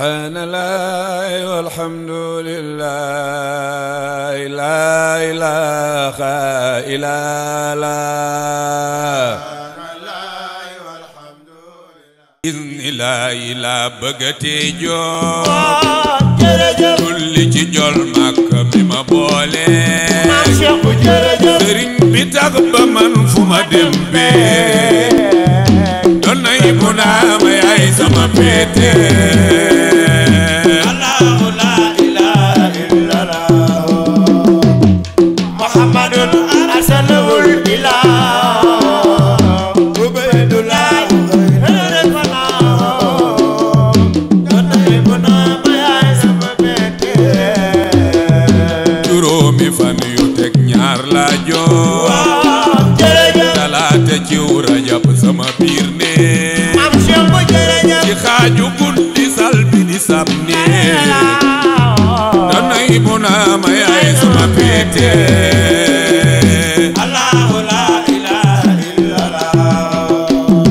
سبحان الله والحمد لله لا إله إلا الله إذن لا لا بغتي جون كل جول مك ما بولي سرين بتاغ بمن فما دمبي دون نايمنا ما يا سما بيتي حبيبنا ما يعيش ما بيتي الله لا إله إلا الله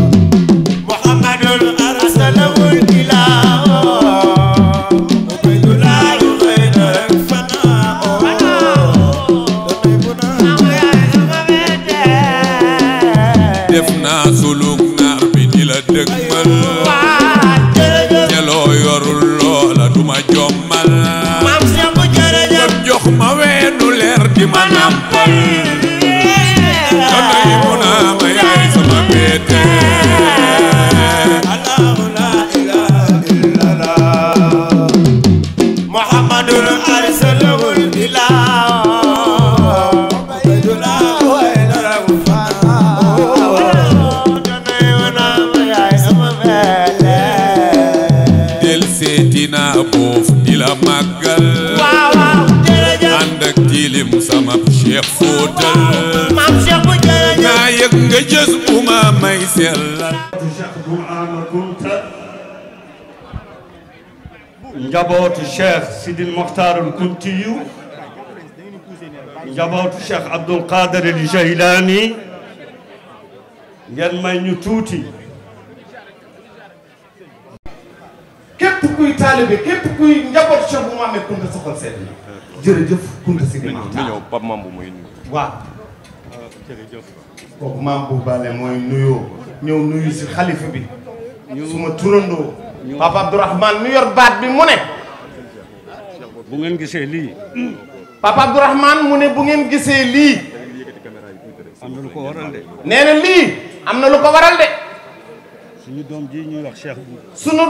محمد أرسله الإله وبدلال غير الفناء حبيبنا ما يعيش ما بيتي دفنا سلوكنا بدل الدكمل banampong Cheikh Foutal maam Cheikh bu jërëjëf naa yëg nga jës bu ma may sellal njabootu Cheikh Sidil Mokhtarul Kuntiyu njabootu Cheikh Abdul Qadir al Jilani ngeen may ñu tuuti képp kuy taalibe képp kuy njabootu Cheikh bu ma amee Kunta soxal seen jërëjëf Kounta Sidi Maam nga ñëw Pape Mambu mooy nuyu waaw jërëjëf kooku bu Bale mooy nuyoo ñëw nuyu si xalifa bi suma turandoo Papa Abdourahmane mi yor baat bi mu ne bu ngeen gisee lii Papa Abdourahmane bu ngeen gisee lii am na lu ko waral de nee na lii am na lu ko waral de suñu doom ñuy wax Cheikh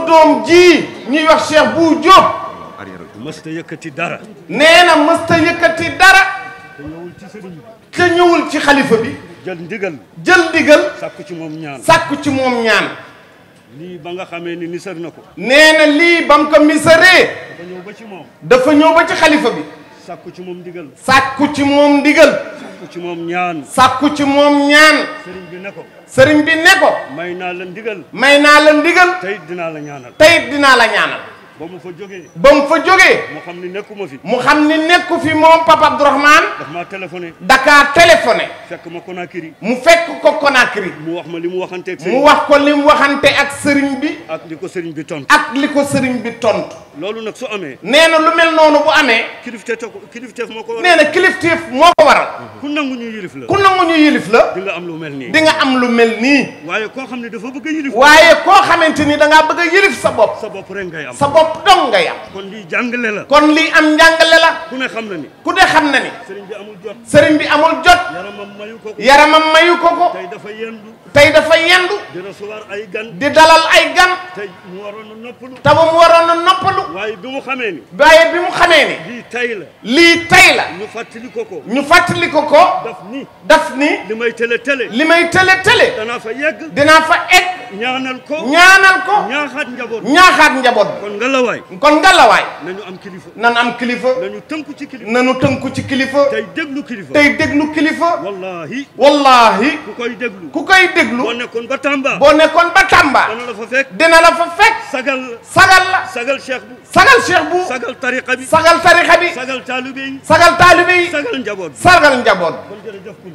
doom ji ñuy wax Cheikh bu Diop mësta yëkkati dara. nee na mësta yëkkati dara. te ñëwul ci sëriñ bi. te ñëwul ci xalifa bi. jël ndigal. jël ndigal. ci moom ñaan sàkku ci moom ñaan. ba nga xamee ni misar na ko. nee na lii ba mu ko ñëw ba ci moom. dafa ñëw ba ci xalifa bi. sàkku ci moom ndigal. sàkku ci moom moom ñaan. sàkku ci moom ñaan. sëriñ bi ne ko. sëriñ bi ne ko. may naa la ndigal. may naa la ndigal. tey dinaa la ñaanal. tey dinaa la ñaanal. ba mu fa jógee. ba mu fa jógee. mu xam ni nekkuma fi. mu xam ni nekku fi moom papa Abdourahmane. daf téléphone téléphoné. téléphone téléphoné. fekk ma Conakry. mu fekk ko Conakry. mu wax ma li mu waxante ak. mu wax ko li mu waxante ak sëriñ bi. ak li ko sëriñ bi tontu. ak li ko sëriñ bi tontu. loolu nag su amee. nee na lu mel noonu bu amee. kilifteef kilifteef moo ko waral. nee na kilifteef moo ko waral. ku nangu ñu yilif la. ku nangu ñu la. di nga am lu mel nii. di nga am lu mel nii. waaye koo xam ne dafa bëgg a yilif. waaye koo xamante ni da ngaa bëgg a yilif sa bopp. sa bopp rek ngay am sa bopp dong ngay am. kon lii jàngale la. kon lii am njàngale la. ku ne xam na ni. ku ne xam na ni. sëriñ bi amul jot. sëriñ bi amul jot. yaramam mayu ko ko. yaramam mayu ko ko. tey dafa yendu. tey dafa yendu. di recevoir ay gan. di dalal ay gan. tey mu waroon a noppalu. te a noppalu. bi mu xamee ni. lii tey la. lii tey la. ñu fàttali ko ko. ñu fàttali ko ko. daf ni. daf ni. li may tële tële. li may danaa fa fa egg. ñaanal ko ñaanal ko ñaaxaat njaboot ñaaxaat njaboot kon nga la waay kon nga la am kilifa nañu kilifa nañu tënku ci kilifa nañu tënku ci kilifa tey déglu kilifa tey déglu kilifa wallaahi wallaahi ku koy déglu ku koy déglu boo nekkoon ba Tamba boo nekkoon ba Tamba dana la fa fekk dina la fa fekk sagal sagal la sagal cheikh bu sagal cheikh bu sagal tariqa bi sagal tariqa bi sagal taalibe yi sagal taalibe sa gal njaboot sagal njaboot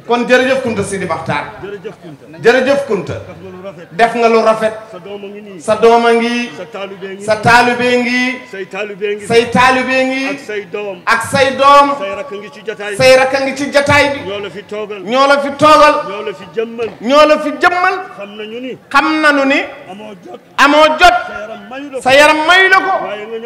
kon jërëjëf Kunta Sidi Maxtaar jërëjëf Kunta jërëjëf Kunta def nga lu rafet sa dooma ngi nii sa dooma ngi sa taalibe ngi say taalibe ngi say taalibe ngi ak say doom ak say doom say rakk ngi ci jotaay say rakk ngi ci jotaay bi ñoo la fi toogal ñoo la fi toogal ñoo la fi jëmmal ñoo la fi jëmmal xam nañu ni xam nañu ni amoo jot amoo jot sa yaram mayu la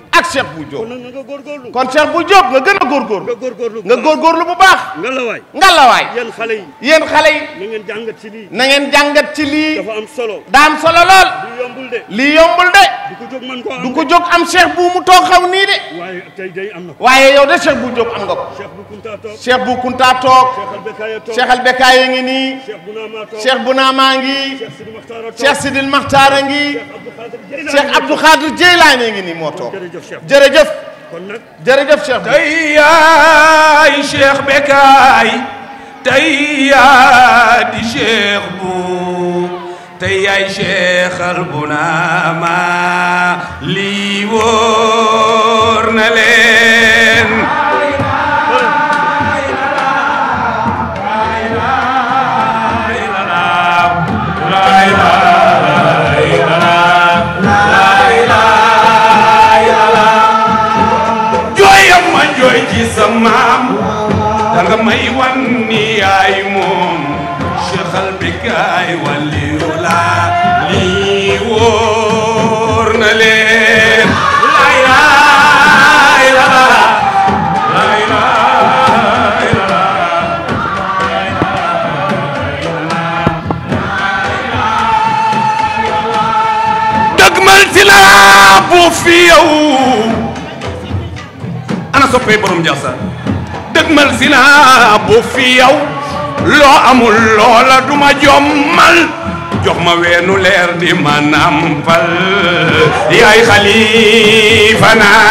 ak Cheikh bu Diop. kon nag nga góorgóorlu. kon Cheikh bu Diop nga gën a góorgóorlu. nga góorgóorlu nga góorgóorlu bu baax. ngalawaay ngalawaay. yéen xale yi yéen xale yi. na ngeen jàngat ci lii. na ngeen jàngat ci lii. am solo. daa solo lool. lii yombul de. lii yombul de. du ko jóg am cheikh bu mu toog xaw nii de. waaye tey day na ko. bu jóg am nga ko. bu Kunta toog cheikh bu Kunta toog. cheikh Albekaaye ngi nii. cheikh Bunaamaa ngi. cheikh Sidil Maxtaara ngi. cheikh Abdou Khadir Jeylaani ngi nii moo toog. jërëjëf. jërëjëf cheikh. tey Bekaay. tey yaa di cheikh bu. tey yaay maam danga may wan ni yaay moom seexal bi kaay waliyu laa lii wóor na leen laa ilaha illallah laa ilaha illallah dëgmal ci laa bu fi yow soppee borom jaasaan dëgmal si naa bu fi loo amul loola duma jommal jox weenu leer di ma nampal yaay xalifa naa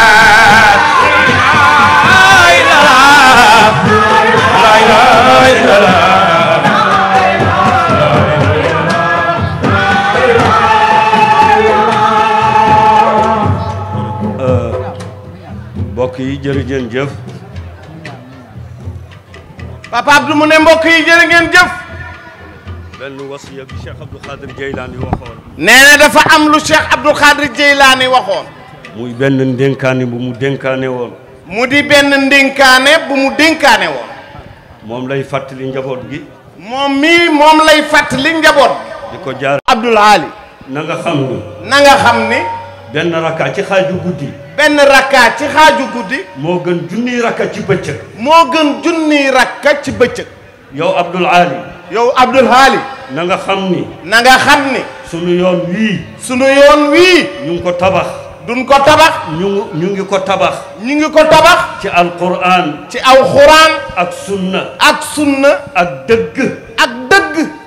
jërë ngeen papa Abdou mu ne mbokk yi jërë ngeen jëf benn wasiya bi Cheikh Abdou Khadir Jeylaani waxoon nee na dafa am lu Cheikh Abdou Khadir Jeylaani waxoon muy ben ndénkaane bu mu dénkaane woon mu di benn ndénkaane bu mu dénkaane woon moom lay fàttali njaboot gi moom mii moom lay fàttali njaboot di jaar Abdoul Ali na nga xam ni na nga xam ni rakka ci xaaju guddi benn rakka ci xaaju guddi. moo gën junni rakka ci bëccëg. moo gën junniy rakka ci bëccëg. yow Abdoul Ali. yow Abdoul Ali. na nga xam ni. na nga xam ni. sunu yoon wii. sunu yoon wii. ñu ngi ko tabax. duñ ko tabax. ñu ñu ngi ko tabax. ñu ngi ko tabax. ci alquran. ci alquran. ak sunna. ak sunna. ak dëgg.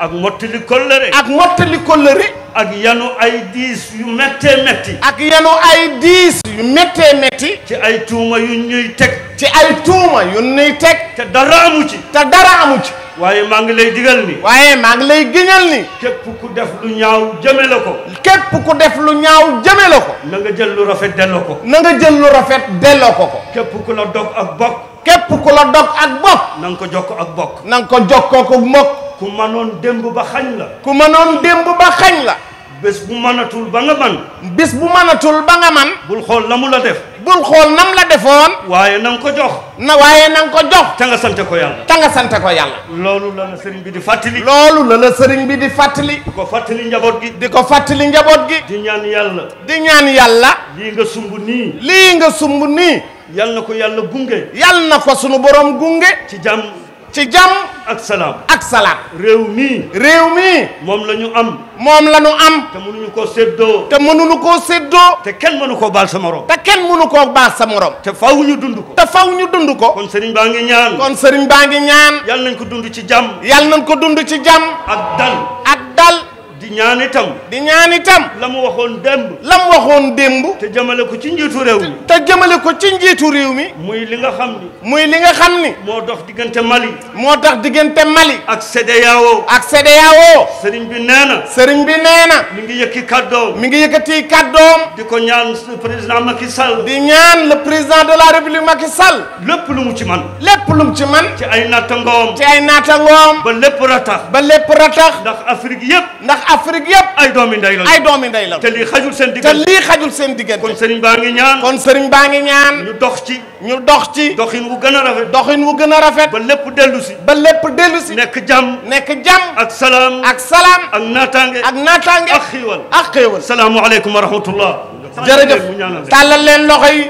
ak mottali kollëre. ak mottali kollëre. ak yanu ay diis yu méttee métti. ak yanu ay diis yu méttee métti. ci ay tuuma yu ñuy teg. ci ay tuuma yu ñuy teg. te dara amu ci. te dara amu ci. waaye maa ngi lay digal ni. waaye maa ngi lay giñal ni. képp ku def lu ñaaw jëme la ko. képp ku def lu ñaaw jëme la ko. na nga jël lu rafet delloo ko. na jël lu rafet delloo ko ko. képp ku la dog ak bokk. képp ku la dog ak bokk. na ko jokkoo ak bokk. ku mënoon démb ba xañ la. ku mënoon démb ba xañ la. bés bu mënatul ba nga man bés bu mënatul ba nga man bul xool na mu la def. bul xool nam la defoon. waaye na ko jox. na waaye na ko jox. ta nga sant ko yàlla. ta sant ko yàlla. loolu la la sëriñ bi di fàttali. loolu la la sëriñ di fàttali. di ko fàttali njaboot gi. di ko fàttali njaboot gi. di ñaan yàlla. di ñaan yàlla. lii nga sumb nii. lii nga sumb nii. yal na ko yàlla gunge. yal na ko sunu borom gunge. ci jàmm. ci jàmm ak salaam ak salaam réew mi réew mi moom la ñu am moom la nu am te mënuñu koo séddoo te mënuñu koo seddoo te kenn mënu koo baal sa morom te kenn mënu koo baal sa morom te faw ñu dund ko te faw ñu dund ko kon sëriñ baa ngi ñaan kon sëriñ baa ngi ñaan yal nañ ko dund ci jàmm yal nañ ko dund ci jàmm ak dal ak ñaan itam. di ñaan itam. la mu waxoon démb. la mu waxoon démb. te jëmale ko ci njiitu réew mi. te jëmale ko ci njiitu réew mi. muy li nga xam ni. muy li nga xam ni. moo dox diggante Mali. moo tax diggante Mali. ak CEDEAO. ak CEDEAO. sëriñ bi nee na. sëriñ bi nee na. mi ngi yëkki kàddoom. mi ngi yëkkati kàddoom. di ko ñaan président Macky Sall. di ñaan le président de la république Macky Sall. lépp lu mu ci man. lépp lu mu ci man. ci ay naata ngoom. ci ay naata ngoom. ba lépp ratax. ba lépp ratax. ndax Afrique yëpp. ndax Afrique. Afrique yeb ay domi nday la ay domi nday la te li xajul sen digal te li xajul sen digal kon serigne bangi ñaan kon serigne bangi ñaan ñu dox ci ñu dox ci doxine wu gëna rafet doxine wu gëna rafet ba lépp delu ci ba lépp delu ci nek jam nek jam ak salam ak salam ak natange ak natange ak xéewal ak xéewal salaamaaleykum wa rahmatullah jërëjëf talal len loxo yi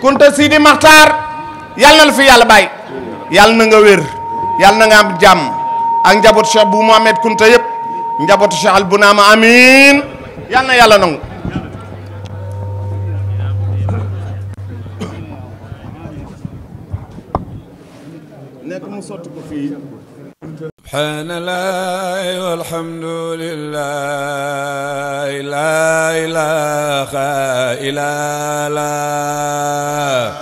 kunta sidi maxtaar yàlla na fi yàlla bay yàlla na nga wér yàlla na nga am jam ak njabot cheikh bou mohammed kunta yeb njabot Cheikh Al Bounama amiin yal yàlla nang nek mu sotti ko fi سبحان الله والحمد لله لا اله الا الله